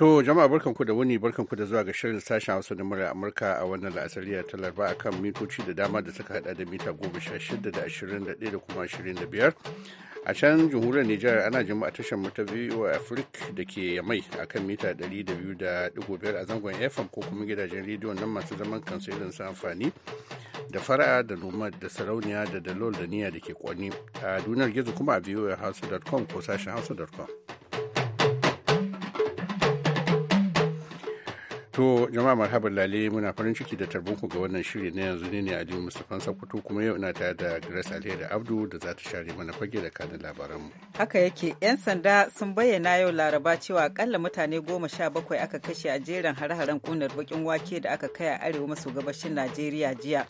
To jama'a barkan ku da wani barkanku da zuwa ga shirin sashen Hausa da murya Amurka a wannan la'asariya ta larba a kan mitoci da dama da suka hada da mita goma sha shida da ashirin da ɗaya da kuma ashirin da biyar. A can jamhuriyar Nijar ana jama'a a tashar mata VOA Africa da ke Yamai a kan mita ɗari da biyu da ɗigo biyar a zangon FM ko kuma gidajen rediyon nan masu zaman kansu irin su amfani da fara'a da noma da sarauniya da dalol da niyya da ke kwani a duniyar gizo kuma a voahausa.com ko sashen hausa.com. To jama'a marhaban lale muna farin ciki da tarbunku ga wannan shiri na yanzu ne ne Aliyu Mustapha sakoto kuma yau ina tare da Grace Alheri Abdu da za ta share mana fage da kanin mu Haka yake 'yan sanda sun bayyana yau Laraba cewa akalla mutane goma sha bakwai aka kashe a jerin hare-haren kunar bakin wake da aka kai a arewa maso gabashin Najeriya jiya.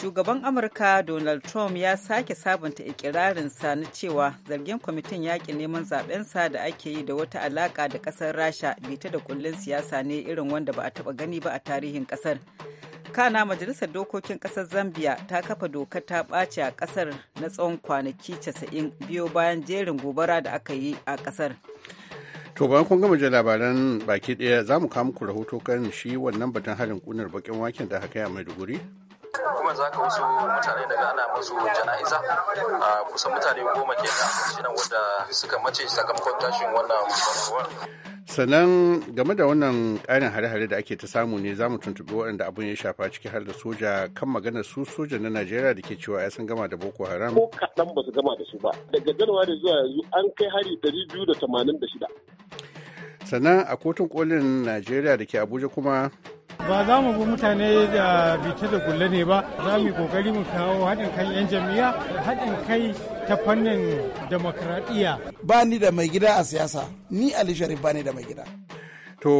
shugaban amurka donald trump ya sake sabunta sa na cewa zargin kwamitin yakin neman zaɓensa da ake yi da wata alaƙa da kasar rasha bita da kullun siyasa ne irin wanda ba a taba gani ba a tarihin kasar kana majalisar dokokin kasar zambia ta kafa doka ta ɓace a kasar na tsawon kwanaki 90 biyo bayan jerin gobara da aka yi a kasar To bayan kun gama jin labaran baki ɗaya za mu kawo muku rahoto kan shi wannan batun harin kunar bakin waken da aka yi a Maiduguri kuma za ka wasu mutane daga ana musu jana'iza kusan mutane goma ke nan wanda suka mace sakamakon tashin wannan sannan game da wannan ƙarin hare-hare da ake ta samu ne za mu tuntuɓi waɗanda abin ya shafa ciki har da soja kan maganar su soja na najeriya da ke cewa ya san gama da boko haram ko kaɗan ba su gama da su ba daga januwari zuwa yanzu an kai hari 286 sannan a kotun kolin najeriya da ke abuja kuma ba za mu bi mutane da bita da gulle ne ba za mu yi kokari mu kawo haɗin kan 'yan jam'iyya haɗin kai ta fannin demokradiyya ba ni da mai gida a siyasa ni ali sharif ba ni da mai gida to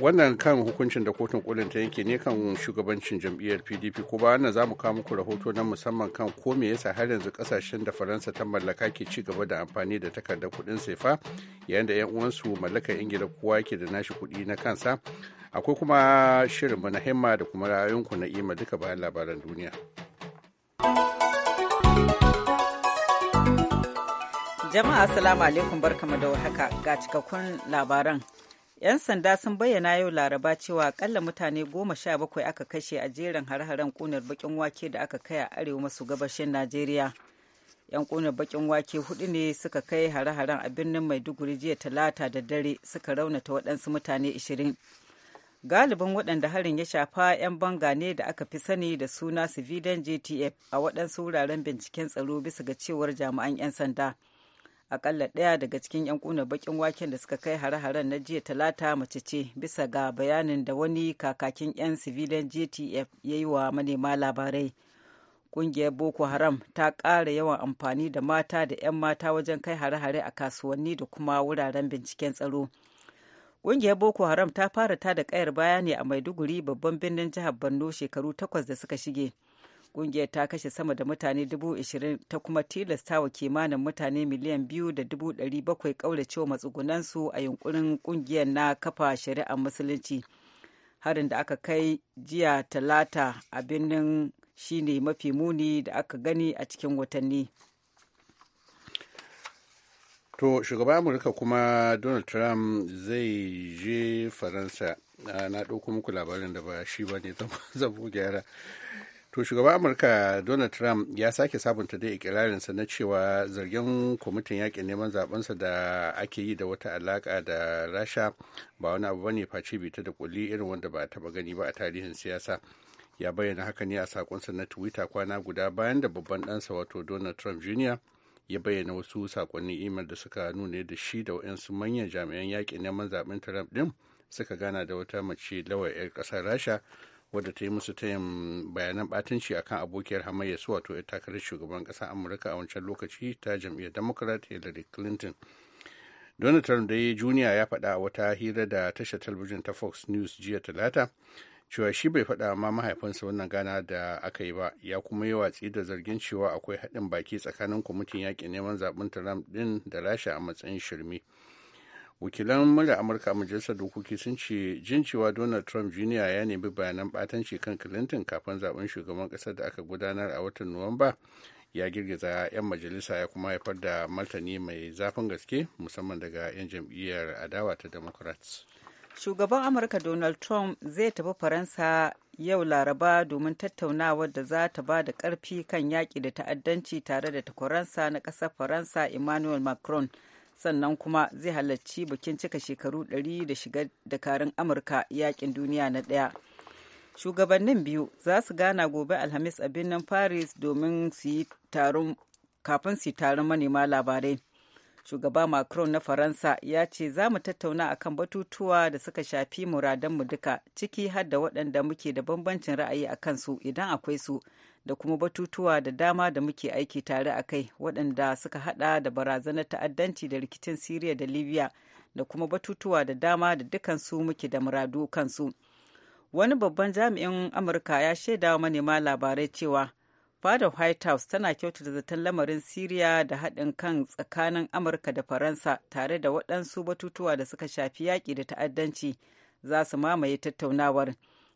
wannan kan hukuncin da kotun kolin ta yanke ne kan shugabancin jam'iyyar pdp ko ba wannan za mu kawo muku rahoto na musamman kan ko me yasa har yanzu kasashen da faransa ta mallaka ke ci gaba da amfani da takardar kuɗin sefa yayin da 'yan uwansu mallakar ingila kowa yake da nashi kuɗi na kansa akwai kuma shirin mu na himma da kuma ra'ayinku na ima duka bayan labaran duniya jama'a assalamu alaikum barkamu da warhaka ga cikakkun labaran 'yan sanda sun bayyana yau laraba cewa akalla mutane goma sha bakwai aka kashe a jerin har-haren kunar bakin wake da aka kai a arewa maso gabashin najeriya 'yan kunar bakin wake hudu ne suka kai hare-haren a birnin maiduguri jiya talata da dare suka raunata waɗansu mutane ashirin. galibin waɗanda harin ya shafa 'yan banga ne da aka fi sani da suna civilian gtf a waɗansu wuraren binciken tsaro bisa ga cewar jami'an 'yan sanda akalla ɗaya daga cikin 'yan kuna bakin waken da suka kai hare-haren na jiya talata mace ce bisa ga bayanin da wani kakakin 'yan civilian gtf ya yi wa manema labarai ƙungiyar boko haram ta ƙara yawan amfani da mata da 'yan mata wajen kai hare-hare a kasuwanni da kuma wuraren binciken tsaro Ƙungiyar Boko Haram ta fara ta da ƙayar baya ne a Maiduguri babban birnin jihar Borno shekaru takwas da suka shige. Ƙungiyar ta kashe sama da mutane dubu ishirin ta kuma tilasta wa kimanin mutane miliyan biyu da dubu ɗari bakwai ƙauracewa matsugunansu a yunkurin ƙungiyar na kafa shari'ar musulunci. Harin da aka kai jiya talata a birnin shine mafi muni da aka gani a cikin watanni. to shugaban amurka kuma donald trump zai je faransa ah, na ɗauko muku labarin da ba shi ba ne gyara to shugaban amurka donald trump ya sake sabunta da ikirarinsa na cewa zargin kwamitin yakin neman zabensa da ake yi da wata alaka da rasha ba wani abu bane face bita da kulli irin wanda ba taba gani ba a tarihin siyasa ya bayyana haka ne a sakonsa na twitter kwana guda bayan da babban ɗansa wato donald trump jr ya bayyana wasu sakonnin imel da suka nuna da shi da waɗansu manyan jami'an yakin neman zaben trump din suka gana da wata mace lawa 'yar ƙasar rasha wadda ta yi musu tayin bayanan batanci akan abokiyar hamayya su wato ita takarar shugaban ƙasar amurka a wancan lokaci ta jam'iyyar democrat hillary clinton donald trump dai juniya ya faɗa a wata hira da tashar talabijin ta fox news jiya talata cewa shi bai faɗa ma mahaifinsa wannan gana da aka yi ba ya kuma yi watsi da zargin cewa akwai haɗin baki tsakanin kwamitin yaƙin neman zaɓen trump ɗin da rasha a matsayin shirme wakilan mura amurka a majalisar dokoki sun ce jin cewa donald trump jr ya nemi bayanan batanci kan clinton kafin zaɓen shugaban ƙasar da aka gudanar a watan nuwamba ya girgiza 'yan majalisa ya kuma haifar da martani mai zafin gaske musamman daga 'yan jam'iyyar adawa ta democrats shugaban amurka donald trump zai tafi faransa yau laraba domin tattaunawar da za ta ba da karfi kan yaƙi da ta'addanci tare da takwaransa na ƙasar faransa emmanuel macron sannan kuma zai halarci bikin cika shekaru 100 da shiga dakarun amurka yaƙin duniya na ɗaya shugabannin biyu za su gana gobe alhamis a birnin paris domin su yi taron kafin su yi taron manema labarai shugaba macron na faransa ya ce za mu tattauna akan batutuwa da suka shafi muradan mu duka ciki har da waɗanda muke da bambancin ra'ayi a kansu idan akwai su da kuma batutuwa da dama da muke aiki tare a kai waɗanda suka hada da barazanar ta'addanci da rikicin siriya da libya da kuma batutuwa da dama da dukansu muke da muradu kansu wani babban jami'in amurka ya shaida manema labarai cewa fadar white house tana kyautata zaton lamarin syria da haɗin kan tsakanin amurka da faransa tare da waɗansu batutuwa da suka shafi yaƙi da ta'addanci za su mamaye tattaunawar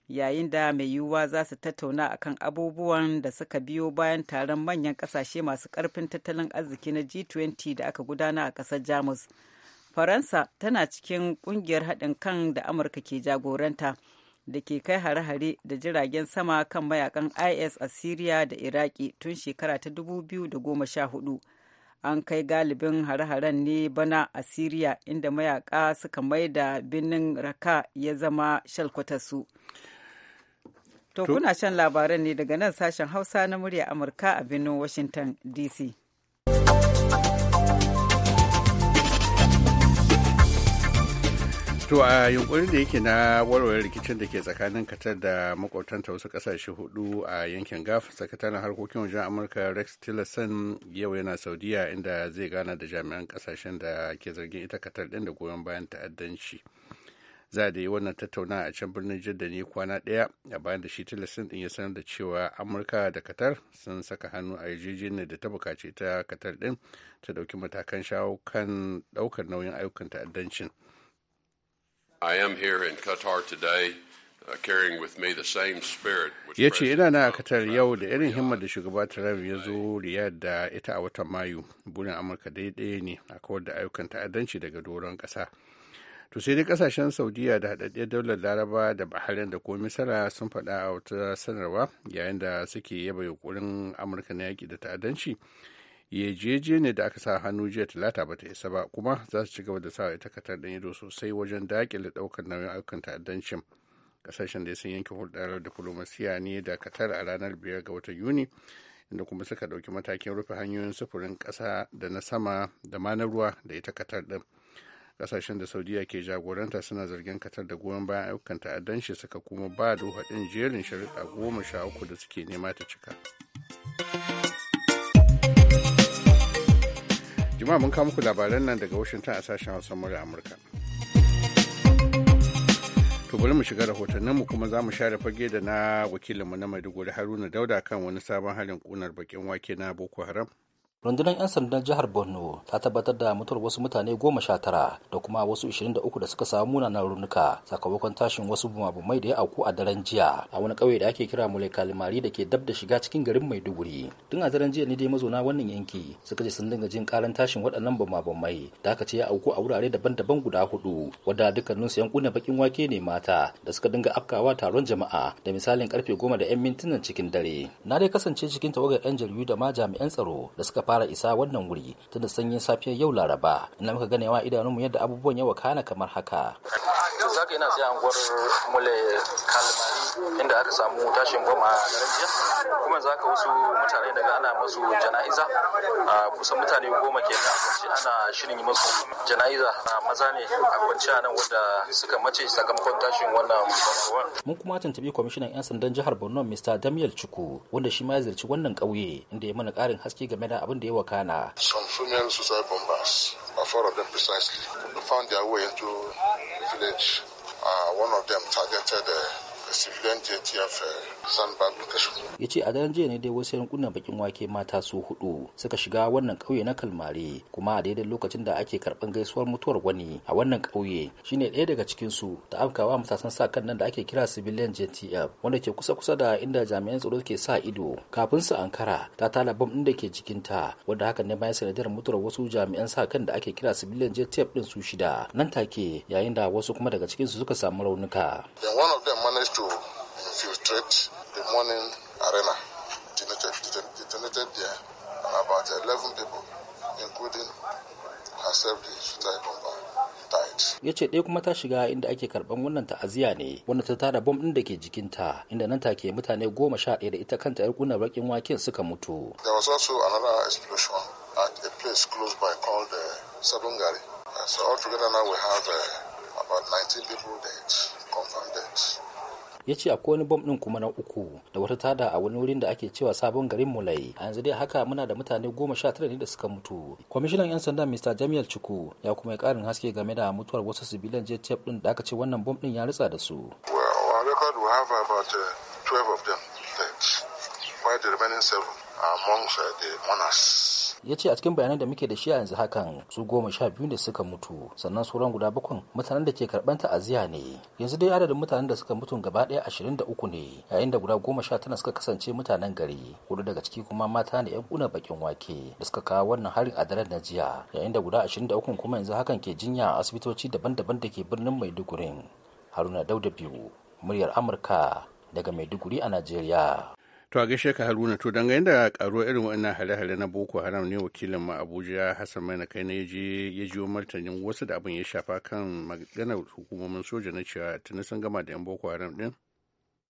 yayin da mai yiwuwa za su tattauna akan abubuwan da suka biyo bayan taron manyan ƙasashe masu ƙarfin tattalin arziki na g20 da aka gudana a ƙasar jamus faransa tana cikin ƙungiyar haɗin kan da amurka ke jagoranta da ke kai hare-hare da jiragen sama kan mayakan is a syria da iraki tun shekara ta 2014 an kai galibin hare-haren ne bana a syria inda mayaka suka mai da birnin raka ya zama shalkwatarsu to kuna shan labaran ne daga nan sashen hausa na murya amurka a birnin washington dc to a yunkurin da yake na warware rikicin da ke tsakanin katar da makwabtanta wasu kasashe hudu a yankin gaf sakataren harkokin wajen amurka rex tillerson yau yana saudiya inda zai gana da jami'an kasashen da ke zargin ita katar din da goyon bayan ta'addanci za da yi wannan tattaunawa a can birnin jidda ne kwana daya a bayan da shi tillerson din ya sanar da cewa amurka da katar sun saka hannu a yarjejeniyar da ta bukaci ta katar din ta dauki matakan shawo kan ɗaukar nauyin ayyukan ta'addancin Uh, ya ce ina na katar yau da irin himmar da shugaba Trump ya zo riya da ita a watan mayu burin amurka daidai ne a kawar da ayyukan ta'addanci daga doron ƙasa to sai dai kasashen saudiya da haɗaɗɗiyar daular laraba da bahrain da kuma misira sun faɗa a wata sanarwa yayin da suke yaba yunkurin amurka na yaƙi da ta'addanci yejejene da aka sa hannu jiya talata ba ta isa ba kuma za su ci gaba da sawa ita katar ɗan ido sosai wajen dakile ɗaukar nauyin ayyukan ta'addancin ƙasashen da sun yanke hulɗarar diflomasiya ne da katar a ranar biyar ga watan yuni inda kuma suka ɗauki matakin rufe hanyoyin sufurin ƙasa da na sama da ma na ruwa da ita katar ɗin ƙasashen da saudiya ke jagoranta suna zargin katar da goyon bayan ayyukan ta'addanci suka kuma ba da haɗin jerin shari'a goma sha uku da suke nema ta cika. Juma'a mun kawo muku labaran nan daga Washington a sashen Hausa murya Amurka. To bari mu shiga mu kuma za mu share fage da na wakilinmu na Maiduguri Haruna Dauda kan wani sabon halin kunar bakin wake na Boko Haram rundunar 'yan sandan jihar borno ta tabbatar da mutuwar wasu mutane goma sha tara da kuma wasu 23 da suka samu munanan raunuka sakamakon tashin wasu bumabumai da ya auku a daren jiya a wani ƙauye da ake kira mulai kalmari da ke dab da shiga cikin garin maiduguri tun a daren jiya ne dai mazauna wannan yanki suka ji sun dinga jin karan tashin waɗannan bumabumai da aka ce ya auku a wurare daban-daban guda hudu wadda dukkaninsu yan kuna bakin wake ne mata da suka dinga afkawa taron jama'a da misalin karfe goma da 'yan mintunan cikin dare na dai kasance cikin tawagar 'yan jaridu da ma jami'an tsaro da suka fara fara isa wannan wuri tun da sanyin safiyar yau laraba ina muka ganewa idanunmu yadda abubuwan yawa kana kamar haka zaka ina sai anguwar mule kalmari inda aka samu tashin goma a garin kuma za ka wasu mutane daga ana masu jana'iza a kusan mutane goma ke da kwanci ana shirin yi masu jana'iza a maza ne a kwanci a nan wanda suka mace sakamakon tashin wannan mun kuma tuntubi kwamishinan 'yan sandan jihar borno mr damiel chuku wanda shi ma ya ziyarci wannan kauye inda ya mana ƙarin haske game da abin abin da ya wakana. Some female suicide bombers, four of them precisely, found their way into the village. Uh, one of them targeted a, uh, a civilian JTF uh, san ku kashu ya ce a daren jiya ne dai wasu yankunan bakin wake mata su hudu suka shiga wannan kauye na kalmare kuma a daidai lokacin da ake karban gaisuwar mutuwar wani a wannan kauye shine ɗaya daga cikin su ta afkawa matasan sa kan nan da ake kira civilian JTF wanda ke kusa kusa da inda jami'an tsaro ke sa ido kafin su ankara ta tala bam ɗin da ke jikinta wanda haka ne bayan sanadar mutuwar wasu jami'an sa kan da ake kira civilian JTF din su shida nan take yayin da wasu kuma daga cikin su suka samu raunuka. infiltrate the morning arena, detonated, detonated there, and about 11 people, including herself, the suicide bomber. ya ce ɗaya kuma ta shiga inda ake karɓan wannan ta'aziyya ne wanda ta tara bom ɗin da ke jikinta inda nan take mutane goma sha ɗaya da ita kanta yar kunar bakin waken suka mutu. There was also another explosion at a place close by called uh, Sabungari. Uh, so all together now we have uh, about 19 people dead, confirmed dead. ya ce akwai wani bom din kuma na uku da wata tada a wani wurin da ake cewa sabon garin mulai a yanzu dai haka muna da mutane goma sha tara ne da suka mutu kwamishinan yan sanda mr jamiel chuku ya kuma ya karin haske game da mutuwar wasu sibilan jtf din da aka ce wannan bom din ya ritsa da su While uh, uh, the monarchs. ya ce a cikin bayanan da muke da shi a yanzu hakan su goma sha biyu ne suka mutu sannan sauran guda bakwai mutanen da ke karɓar ta'aziya ne yanzu dai adadin mutanen da suka mutu gaba ɗaya ashirin da uku ne yayin da guda goma sha tana suka kasance mutanen gari hudu daga ciki kuma mata ne yan kuna bakin wake da suka kawo wannan harin a daren na jiya yayin da guda ashirin da uku kuma yanzu hakan ke jinya a asibitoci daban-daban da ke birnin maiduguri haruna dauda biyu muryar amurka daga maiduguri a najeriya To a gaishe ka Haruna to dangane da karuwar irin wannan hare-hare na Boko Haram ne wakilin mu Abuja Hassan Maina kai na ya ji martanin wasu da abin ya shafa kan maganar hukumomin soja na cewa tuni sun gama da 'yan Boko Haram din.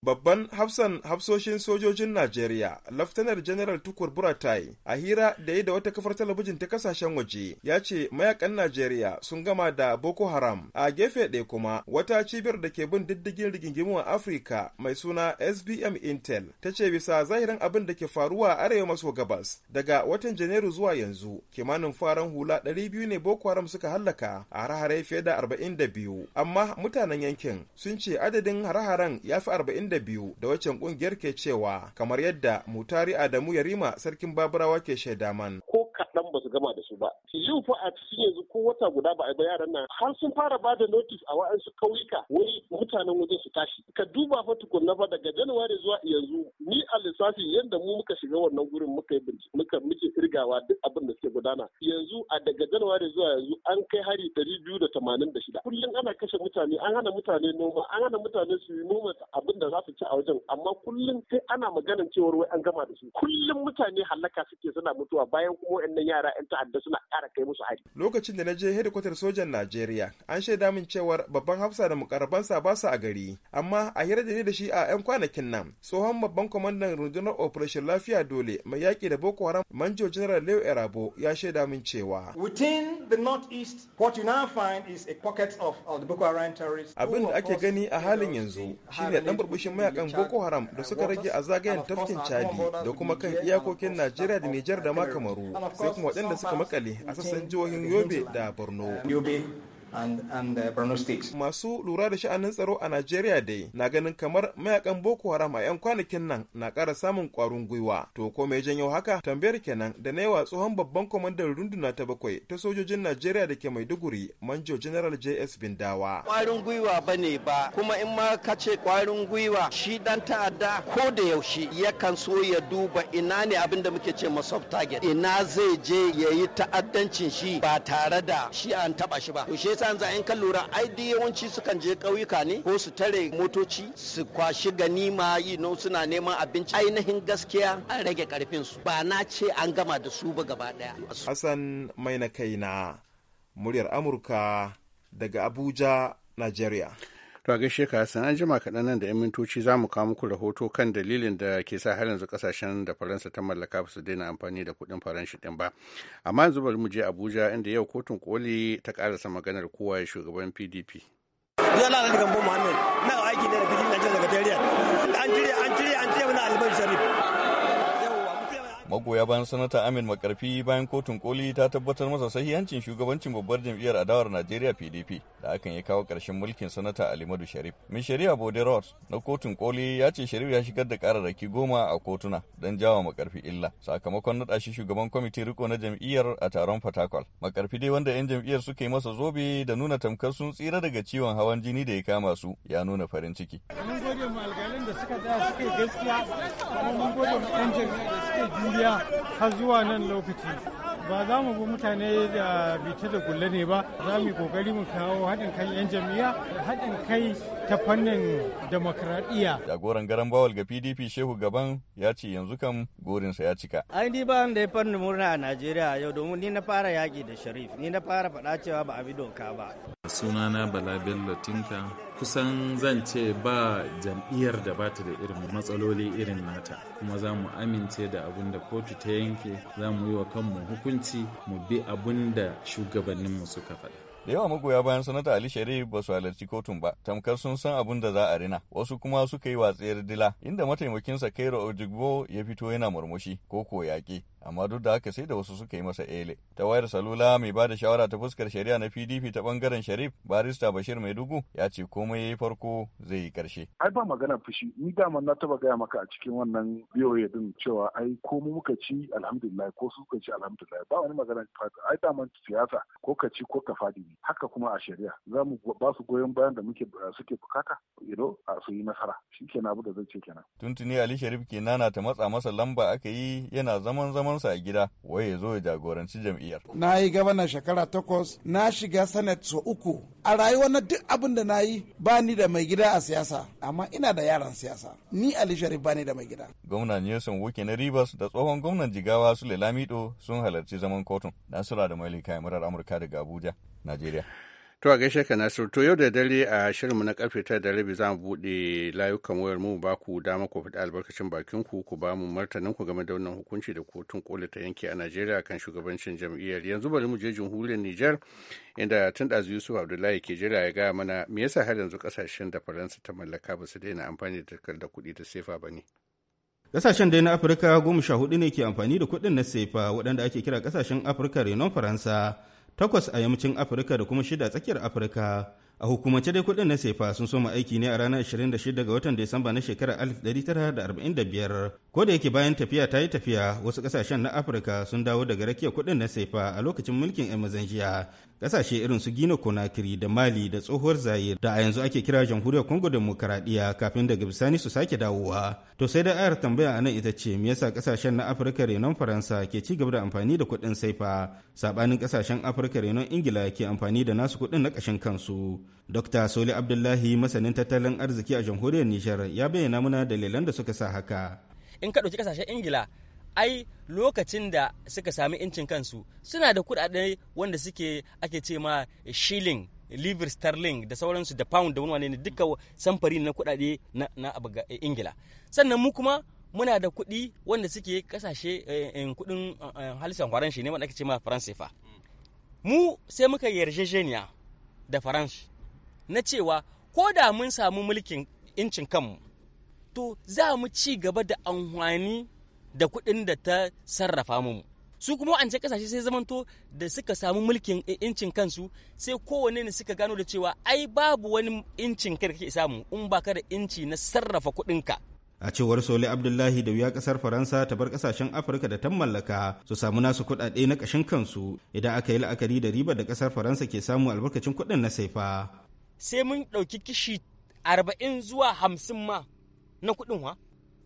Babban hafsan hafsoshin sojojin Najeriya, Laftanar General Tukur Buratai, a hira da yi da wata kafar talabijin ta kasashen waje, ya ce mayakan Najeriya sun gama da Boko Haram. A gefe ɗaya kuma, wata cibiyar da ke bin diddigin rigingimu Afirka mai suna SBM Intel, ta ce bisa zahirin abin da ke faruwa a arewa maso gabas, daga watan Janairu zuwa yanzu, kimanin faran hula 200 ne Boko Haram suka hallaka a hare-hare fiye da 42, amma mutanen yankin sun ce adadin hare-haren ya fi 40 22 da waccan kungiyar ke cewa kamar yadda mutari Adamu Yarima sarkin Baburawa ke shaida man. Ko kaɗan gama da su ba yau fa a cikin yanzu ko wata guda ba a ba yaran nan har sun fara ba da notice a wa'ansu kauyuka wai mutanen wajen su tashi ka duba fa tukunna fa daga januwari zuwa yanzu ni a lissafi yadda mu muka shiga wannan gurin muka yi bincike muka muke kirgawa duk abin da suke gudana yanzu a daga januwari zuwa yanzu an kai hari ɗari biyu da tamanin da shida kullum ana kashe mutane an hana mutane noma an hana mutane su yi noma abin da za su ci a wajen amma kullum sai ana maganan cewar wai an gama da su kullum mutane halaka suke suna mutuwa bayan kuma wa'annan yara 'yan ta'adda suna ƙara kai musu hari. Lokacin da na je hedikwatar sojan Najeriya, an shaida min cewar babban hafsa da mukarabansa ba su a gari, amma a hira da ni da shi a 'yan kwanakin nan. Tsohon babban kwamandan rundunar Operation Lafiya Dole mai yaƙi da Boko Haram Manjo General Leo Erabo ya shaida min cewa. Within the northeast, what you now find is a pocket of, the Boko Haram terrorists. Abin da ake gani a halin yanzu shine ɗan burbushin mayakan Boko Haram da suka rage a zagayen tafkin Chadi da kuma kan iyakokin Najeriya da Nijar da ma Kamaru. Sai kuma da suka makale a sassan jihohin yobe da borno Masu lura da sha'anin tsaro a Najeriya dai na ganin kamar mayakan Boko Haram a 'yan kwanakin nan na kara samun ƙwarin gwiwa. To ko mai janyo haka tambayar kenan da na yawa tsohon babban kwamandan runduna ta bakwai ta sojojin Najeriya da ke Maiduguri Manjo General JS Bindawa. Ƙwarin gwiwa ba ne ba kuma in ma ka ce ƙwarin gwiwa shi dan ta'adda ko da yaushe yakan so ya duba ina ne abin da muke ce masu target ina zai je ya yi ta'addancin shi ba tare da shi an taɓa shi ba. To shi yanzu in kan lura ai duk yawanci sukan je ƙauyuka ne ko su tare motoci su kwashi ganima yi no suna neman abinci ainihin gaskiya an rage karfin su ba na ce an gama da su ba gaba daya Hassan mai na kaina muryar Amurka daga Abuja Nigeria To a gaishe ka san an jima kaɗan nan da 'yan mintoci za mu kawo muku rahoto kan dalilin da ke sa har yanzu kasashen da Faransa ta mallaka ba su daina amfani da kuɗin Faranshi ɗin ba. Amma yanzu bari mu je Abuja inda yau kotun koli ta karasa maganar kowa ya shugaban PDP. na aiki da An an an Alban magoya bayan sanata amin makarfi bayan kotun koli ta tabbatar masa sahihancin shugabancin babbar jam'iyyar adawar najeriya pdp da hakan ya kawo ƙarshen mulkin sanata alimadu sharif mai shari'a bode ross na kotun koli ya ce sharif ya shigar da kararraki goma a kotuna don jawa makarfi illa sakamakon nada shi shugaban kwamitin riko na jam'iyyar a taron fatakwal makarfi dai wanda 'yan jam'iyyar suka yi masa zobe da nuna tamkar sun tsira daga ciwon hawan jini da ya kama su ya nuna farin ciki. suka tsaya suka gaskiya kuma mun gode da suke juriya har zuwa nan lokaci ba za mu bi mutane da bita da gulle ne ba za mu yi kokari mu kawo haɗin kan 'yan jami'a haɗin kai ta fannin demokradiyya. jagoran garan bawal ga pdp shehu gaban ya ce yanzu kan gorinsa ya cika ai ni ba da ya fannin murna a najeriya yau domin ni na fara yaƙi da sharif ni na fara faɗa cewa ba a bi doka ba sunana bala bello tinka kusan zan ce ba jam'iyyar da bata da irin matsaloli irin nata kuma za mu amince da abin da kotu ta yanke za mu yi wa kanmu hukunci mu bi abin da shugabanninmu suka faɗa da yawa magoya bayan sanata ali sharif ba su halarci kotun ba tamkar sun san abin da za a rina wasu kuma suka yi watsayar dila inda mataimakinsa kairo ojigbo ya fito yana murmushi ko ko yaƙi amma duk da haka sai da wasu suka yi masa ele ta wayar salula mai bada shawara ta fuskar shari'a na PDP ta bangaren Sharif barista Bashir Maidugu ya ce komai yayi farko zai yi karshe ai ba magana fushi ni daman na taba gaya maka a cikin wannan biyoyi din cewa ai ko mu muka ci alhamdulillah ko su suka ci alhamdulillah ba wani magana ai daman siyasa ko ka ci ko ka fadi haka kuma a shari'a za mu ba su goyon bayan da muke suke bukata ido a su yi nasara shi kenan abu da zai ce kenan tuntuni Ali Sharif kenan na ta matsa masa lamba aka yi yana zaman zaman ɗansa a gida wai ya zo ya jagoranci jam'iyyar. Na yi gabana shekara takwas, na shiga sanat sau uku. A rayuwa na duk abin da na yi ba ni da mai gida a siyasa, amma ina da yaran siyasa. Ni Ali Sharif ba ni da mai gida. Gwamna Nelson Wuke na Rivers da tsohon gwamnan Jigawa Sule Lamido sun halarci zaman kotun. Nasura da Malika Murar Amurka daga Abuja, Najeriya. To a gaishe ka Nasiru, to yau da dare a shirinmu na karfe tara da rabi za mu buɗe layukan wayar mu ba ku dama ku faɗi albarkacin bakin ku ku ba mu martanin ku game da wannan hukunci da kotun koli ta yanke a Najeriya kan shugabancin jam'iyyar. Yanzu bari mu je jamhuriyar niger inda tun ɗazu Yusuf Abdullahi ke jira ya gaya mana me yasa har yanzu kasashen da Faransa ta mallaka ba su daina amfani da takardar kuɗi ta sefa ba ne. Ƙasashen dai na Afirka goma sha hudu ne ke amfani da kuɗin na sefa waɗanda ake kira ƙasashen Afirka renon Faransa. takwas a yammacin Afirka da kuma shida a tsakiyar Afirka. A hukumance dai kuɗin na sefa sun soma aiki ne a ranar 26 ga watan Disamba na shekarar 1945. Ko da yake bayan tafiya ta yi tafiya wasu ƙasashen na Afirka sun dawo daga rakiyar kuɗin na sefa a lokacin mulkin 'yan mazanjiya kasashe irin su gina konakiri da mali da tsohuwar zaye da a yanzu ake kira jamhuriyar congo demokaradiyya kafin daga bisani su sake dawowa to sai da ayar tambaya a nan ita ce me yasa kasashen na afirka renon faransa ke ci gaba da amfani da kuɗin saifa sabanin kasashen afirka renon ingila ke amfani da nasu kuɗin na ƙashin kansu dr soli abdullahi masanin tattalin arziki a jamhuriyar nijar ya bayyana muna dalilan da suka sa haka in ka ɗauki kasashen ingila ai lokacin da suka sami incin kansu suna da kuɗaɗe wanda suke ake ce ma shilling livir sterling da sauransu da pound da wani ne duka samfari na kuɗaɗe na eh, ingila sannan mu kuma muna da kuɗi wanda suke kasashe eh, eh, kuɗin kwaran shi ne wanda ake ce ma fa. mu sai muka yarjejeniya da faransh na cewa ko da mun samu mulkin incin kanmu to za mu ci gaba da amfani da kuɗin da ta sarrafa mu su kuma an ce kasashe sai zamanto da suka samu mulkin eh, incin kansu sai kowane ne suka gano da cewa ai babu wani incin kai kake samu in ba ka da inci na sarrafa kuɗin ka. a cewar sole abdullahi da wuya kasar faransa ta bar kasashen afirka da ta mallaka su samu nasu kuɗaɗe na ƙashin kansu idan aka yi la'akari da ribar da kasar faransa ke samu albarkacin kuɗin na saifa sai mun ɗauki kishi arba'in zuwa hamsin ma na kuɗin wa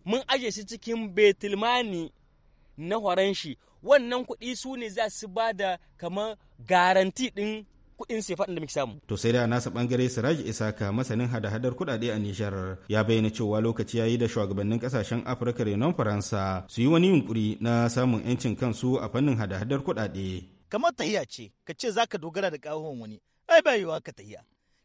mun aje shi cikin betulmani na horon shi wannan kuɗi su ne za su ba da kamar garanti ɗin kuɗin sefaɗin da muke samu. To sai da nasa ɓangare Siraj Isaka masanin hada-hadar kuɗaɗe a Nijar ya bayyana cewa lokaci ya yi da shugabannin ƙasashen Afirka renon Faransa su yi wani yunkuri na samun 'yancin kansu a fannin hada-hadar kuɗaɗe. Kamar tahiya ce, ka ce za ka dogara da ƙahon wani, ai ba ka tahiya.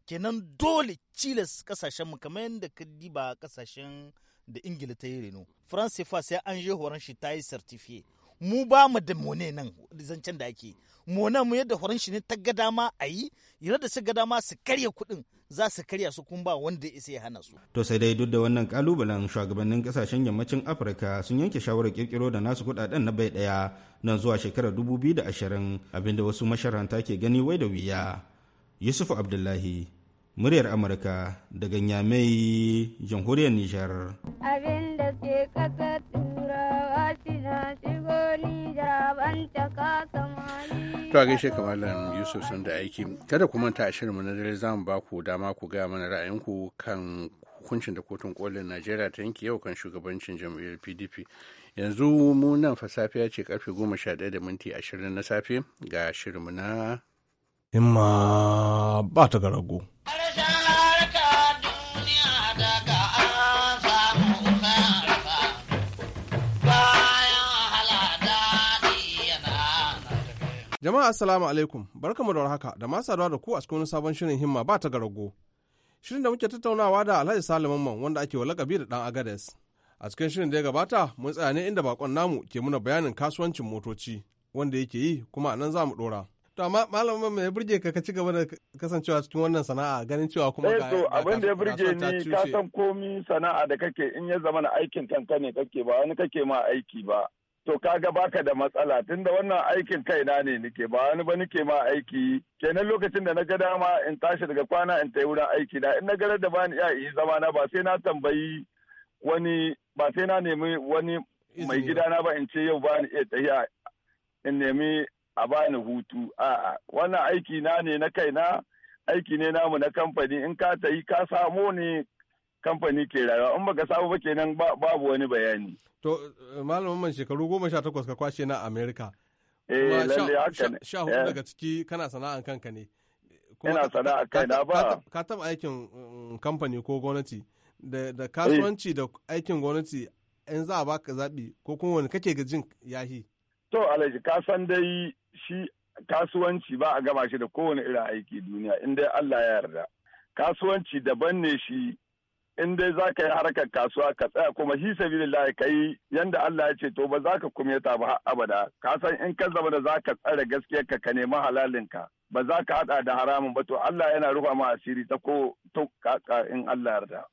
Kenan dole cilas mu kamar yadda ka diba ƙasashen da ingila ta yi reno france fa sai an je horon shi ta yi certifiye mu ba mu da mone nan zancen da ake mone mu yadda horon shi ne ta gada dama a yi yana da su gada dama su karya kuɗin za su karya su kun ba wanda isa ya hana su. To sai dai duk da wannan kalubalen shugabannin kasashen yammacin Afirka sun yanke shawarar kirkiro da nasu kudaden na bai daya nan zuwa shekarar dubu biyu da ashirin abinda wasu masharanta ke gani wai da wuya. Yusuf Abdullahi muryar amurka daga nyamai jamhuriyar nijar da ke turawa nijar ta to a gaishe kamalan yusuf sun da aiki kada ku manta a shirinmu na dare zamu mu ba ku dama ku gaya mana ra'ayinku kan hukuncin da kotun kolin najeriya ta yanke yau kan shugabancin jam'iyyar pdp yanzu mu nan fa safiya ce karfe goma sha ɗaya da minti ashirin na safe ga shirinmu na himma ba ta ga rago. Jama'a assalamu alaikum barkamu da warhaka da masu saduwa da ku a cikin sabon shirin himma ba ta garago. Shirin da muke tattaunawa da Alhaji salaman Man wanda ake wa da dan Agades. A cikin shirin da ya gabata mun tsaya ne inda bakon namu ke muna bayanin kasuwancin motoci wanda yake yi kuma a nan za mu dora. To amma malamin mai burge ka ka ci gaba da kasancewa cikin wannan sana'a ganin cewa kuma eh ga to abin da ya burge ni ka san komi sana'a da kake in ya zama na aikin kanka ne kake ba wani kake ma aiki ba to kaga baka da matsala tunda wannan aikin kaina ne nake ba wani ba nake ma aiki kenan lokacin da na ga dama in tashi daga kwana in tayi wurin aiki na in na gara da bani iya yi zama na ba sai na tambayi wani ba sai na nemi wani mai gidana ba in ce yau bani iya tafiya in nemi a bani hutu a'a wannan aiki na ne na kaina aiki ne namu na kamfani in ka ta yi ka samo ne kamfani ke rayuwa in baka samu ba kenan babu wani bayani to malamin man shekaru goma sha takwas ka kwashe na america eh lalle haka ne sha hudu eh. daga ciki kana sana'an kanka ne ina sana'a kaina ba ka taba aikin mm, kamfani ko gwamnati da eh. kasuwanci da aikin gwamnati in za a baka zaɓi ko kuma wani kake ga jin yahi To Alhaji ka san dai shi kasuwanci ba a gama shi da kowane irin aiki duniya in dai Allah ya yarda. Kasuwanci daban ne shi in dai za ka yi harkar kasuwa ka tsaya kuma shi sabilillahi ka yi yadda Allah ya ce to ba za ka kuma ta ba abada ka san in ka zama da za ka tsare gaskiyar ka ka nema halalinka ba za ka hada da haramun ba to Allah yana rufa ma asiri ta ko to in Allah yarda.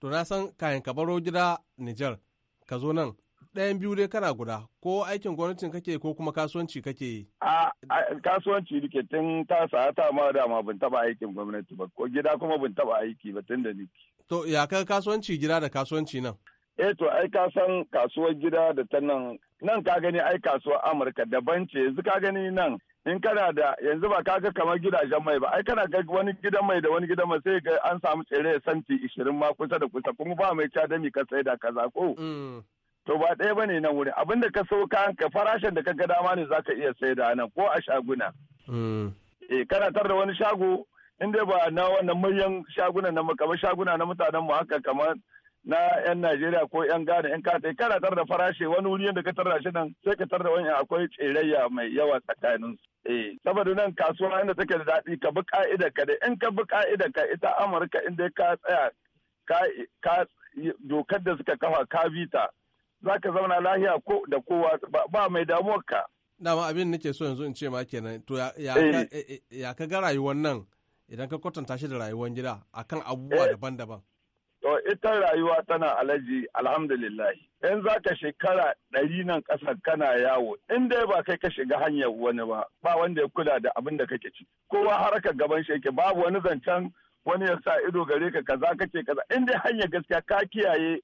To na san kayan ka baro gida Nijar ka zo nan ɗayan biyu dai kana guda ko aikin gwamnatin kake ko kuma kasuwanci kake yi. A kasuwanci nike tun ta sa ta ma dama ban taba aikin gwamnati ba ko gida kuma ban taba aiki ba tun da niki. To ya kai kasuwanci gida da kasuwanci nan? Eh to ai ka san kasuwar gida da ta nan nan ka gani ai kasuwar Amurka daban ce yanzu ka gani nan in kana da yanzu ba ka ga kamar gidajen mai ba ai kana ga wani gidan mai da wani gidan mai sai ga an samu tsere santi 20 ma kusa da kusa kuma ba mai cadami ka sai da kaza ko mm. to ba ɗaya bane nan wurin abinda ka so ka farashin da kaga dama ne zaka iya saida nan ko a shaguna mm. eh kana tar da wani shago in dai ba na wannan manyan shaguna na kamar shaguna na mutanen mu haka kamar na 'yan Najeriya ko 'yan Ghana 'yan kata kana tar da farashi wani wuri da ka da shi nan sai ka da wani akwai tsirayya mai yawa tsakanin su. Eh, saboda nan kasuwa inda take da daɗi ka bi ka'ida ka da in ka bi ka'ida ka ita Amurka inda ka tsaya ka dokar da suka kafa ka bi ta za ka zauna lahiya ko da kowa ba mai damuwar ka. Dama abin nake so yanzu in ce ma kenan to eh. Eh, eh, ya ka ga rayuwar nan idan ka kwatanta shi da rayuwar gida akan abubuwa daban-daban. To ita rayuwa tana alaji alhamdulillah. In za ka shekara ɗari nan ƙasar kana yawo, in dai ba kai ka shiga hanyar wani ba, ba wanda ya kula da abin da kake ci. Kowa ka gaban shi babu wani zancen wani ya sa ido gare ka kaza kake kaza in dai hanyar gaskiya ka kiyaye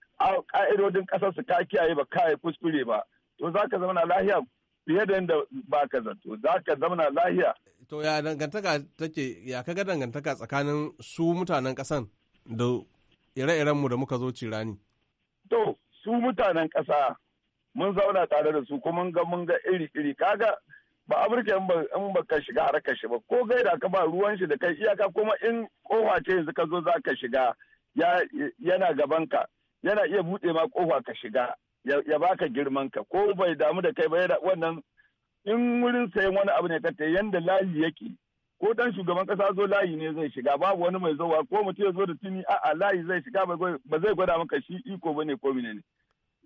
ka'idodin kasar su ka kiyaye ba ka kuskure ba to za ka zauna lahiya fiye da yadda ba ka zato za ka zauna lahiya. to ya dangantaka take ya kaga dangantaka tsakanin su mutanen kasan da ire-iren mu da muka zo cirani. to su mutanen kasa mun zauna tare da su kuma mun ga mun ga iri-iri kaga ba amurka in ba ka shiga har shi ba ko gaida ka ba ruwan shi da kai iyaka kuma in kofa ce yanzu ka zo za ka shiga yana gaban ka yana iya buɗe ma kofa ka shiga ya baka girman ka ko bai damu da kai ba yana wannan in wurin sayan wani abu ne ka ta yanda layi yake ko dan shugaban kasa zo layi ne zai shiga babu wani mai zowa ko mutum ya zo da tuni a layi zai shiga ba zai gwada maka shi iko bane ko ne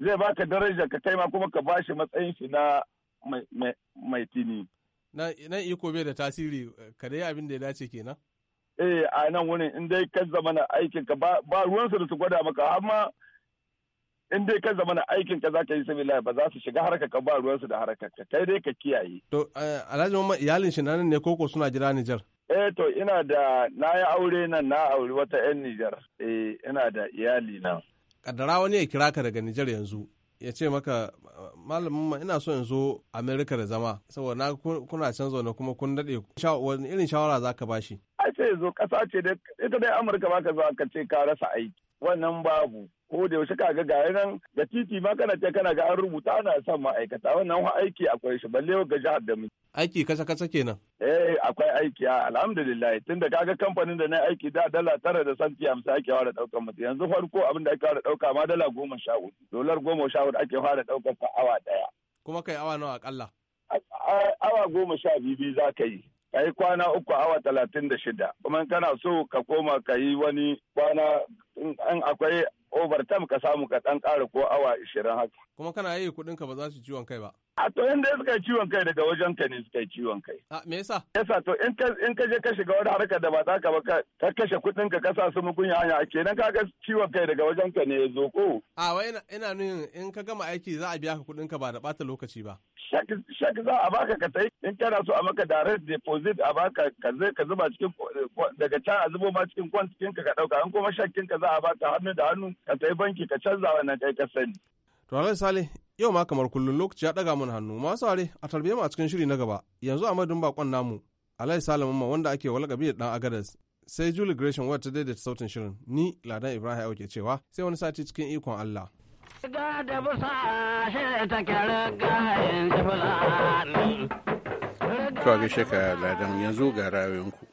zai baka daraja ka kai ma kuma ka bashi matsayin shi na mai tini. Na iko bai da tasiri eh, ka dai abin da ya dace kenan? Eh a nan wani, in dai kan zama na aikin ka ba ruwansu da su gwada maka amma in dai kan zama na aikin ka za ka yi sabila ba za su shiga harkar ka ba ruwansu da harkar ka kai dai ka kiyaye. To eh, Alhaji Mamman iyalin shi nan ne koko suna jira Nijar? Eh to ina da na yi aure nan na auri wata 'yan Nijar. Eh ina da iyali nan. Kaddara wani ya kira ka daga Nijar yanzu. ya ce maka malamin ma ina so in zo amerika da zama saboda na kuna can zaune kuma kun dade wani irin shawara za ka bashi a ce zo ƙasa ce da ita dai amurka ba ka zo ka ce ka rasa aiki wannan babu ko da yaushe ka ga gaya nan da titi ma kana ce kana ga an rubuta ana son ma'aikata wannan wa aiki akwai shi balle ga jihar da muke aiki kasa kasa kenan eh akwai aiki a alhamdulillah da kaga kamfanin da na aiki da dala tara da santi hamsin ake fara daukar mutum yanzu farko abin da ake fara dauka ma dala goma sha hudu dolar goma sha hudu ake fara daukar ka awa daya kuma kai awa nawa akalla awa goma sha biyu za ka yi ka yi kwana uku awa talatin da shida kuma kana so ka koma ka yi wani kwana in akwai overtime ka samu ka ɗan ƙara ko awa ishirin haka. Kuma kana yi kuɗinka ba za su ciwon kai ba. A to in suka yi ciwon kai daga wajen ka ne suka yi ciwon kai. A me yasa? Yasa to in ka in ka je ka shiga wani harkar da ba za ka ba ka kashe kuɗin ka ka sa su kunya hanya kenan ka ga ciwon kai daga wajen ka ne ya zo ko. A wai ina nuhin in ka gama aiki za a biya ka kuɗin ka ba da ɓata lokaci ba. shak za a baka ka tai in kana so a maka direct deposit a baka ka zai ka zuba cikin daga can a zubo ma cikin kwantikin ka ka dauka in kuma shakkin ka za a baka hannu da hannu ka tai banki ka canza wannan kai ka sani To Alhaji Sale, yau ma kamar kullum lokaci ya daga mun hannu masu are a tarbiyyar mu a cikin shiri na gaba yanzu a madun bakon namu Alhaji Sale Mamman wanda ake walakabi da ɗan Agadas sai Julie Gresham wadda ta daidaita sautin shirin ni Ladan Ibrahim ke cewa sai wani sati cikin ikon Allah. Riga da busa shi ta jifulani. ka Ladan yanzu ga rayuwanku.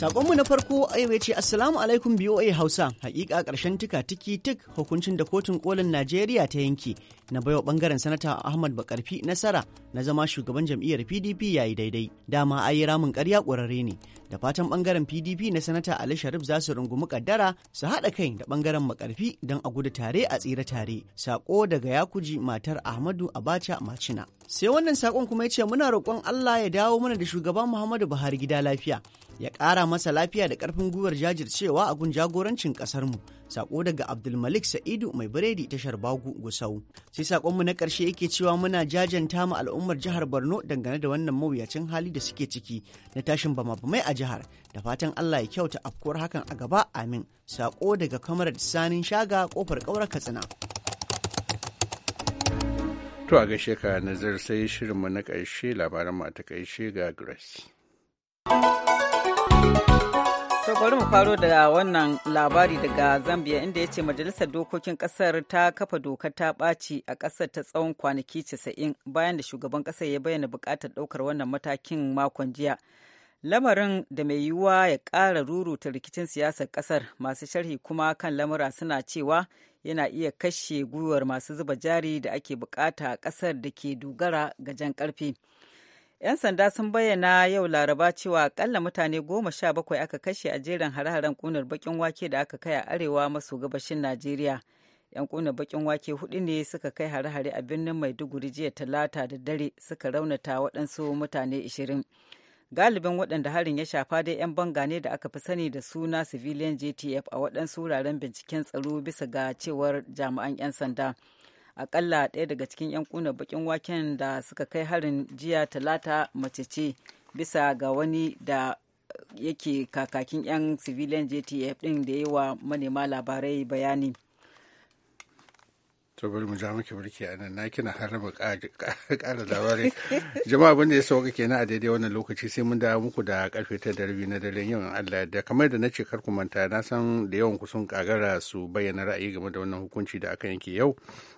Sakonmu na farko ya ce Assalamu alaikum BOA Hausa, hakika ƙarshen tuka tiki tik hukuncin da kotun kolin Najeriya ta yanke na baiwa bangaren sanata Ahmad Bakarfi nasara na zama shugaban jam'iyyar PDP yayi daidai. Dama ayi ramin ƙarya ƙwararre ne. Da fatan bangaren PDP na sanata Ali Sharif za su rungumi ƙaddara su haɗa kai da ɓangaren Bakarfi don a gudu tare a tsira tare. Sako daga Yakuji matar Ahmadu Abacha Macina. Sai wannan sakon kuma ya ce muna roƙon Allah ya dawo mana da shugaban Muhammadu Buhari gida lafiya. ya ƙara masa lafiya da ƙarfin gwiwar jajircewa a gun jagorancin ƙasarmu sako daga abdulmalik sa'idu mai biredi tashar bagu gusau sai mu na ƙarshe yake cewa muna jajanta ma al'ummar jihar borno dangane da wannan mawuyacin hali da suke ciki na tashin bama-bamai a jihar da fatan allah ya kyauta afkuwar hakan a gaba amin sako daga kamarar sanin shaga kofar ƙaurar katsina to a gaishe ka nazar sai shirinmu na ƙarshe labaran mu a takaice ga grace bari mu faro da wannan labari daga zambia inda ya ce majalisar dokokin kasar ta kafa dokar ta ɓaci a kasar ta tsawon kwanaki 90 bayan da shugaban kasar ya bayyana buƙatar ɗaukar wannan matakin makon jiya lamarin da mai yiwuwa ya ƙara ruruta rikicin siyasar ƙasar masu sharhi kuma kan lamura suna cewa yana iya kashe gwiwar masu zuba jari da ake buƙata a ƙasar da ke dogara ga jan karfe 'Yan sanda sun bayyana yau Laraba cewa akalla mutane goma sha bakwai aka kashe a jerin hare-haren kunar bakin wake da aka kai a arewa maso gabashin Najeriya. 'Yan kunar bakin wake hudu ne suka kai hare-hare a birnin Maiduguri jiya talata da dare suka raunata waɗansu mutane ishirin. Galibin waɗanda harin ya shafa dai 'yan banga ne da aka fi sani da suna civilian GTF a waɗansu wuraren binciken tsaro bisa ga cewar jami'an 'yan sanda. akalla ɗaya daga cikin 'yan kuna bakin waken da suka kai harin jiya talata mace ce bisa ga wani da yake kakakin 'yan civilian jtf ɗin da ya yi wa manema labarai bayani to bari mu ja maki barki a nan na kina harama ƙara labarai jama'a abin ya sauka kenan a daidai wannan lokaci sai mun dawo muku da karfe ta da rabi na daren yau Allah da kamar da nace kar ku manta na san da yawan ku sun kagara su bayyana ra'ayi game da wannan hukunci da aka yanke yau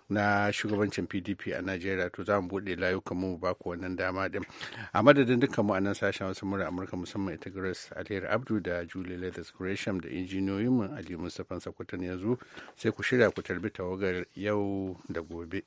na shugabancin pdp a najeriya to za mu buɗe layukan mu ba ku wannan dama din a madadin dukkan mu a nan sashen wasu mura amurka musamman ita grace alheri abdu da julie leathers gresham da injiniyoyin mu ali mustapha sakwatan yanzu sai ku shirya ku tarbi tawagar yau da gobe.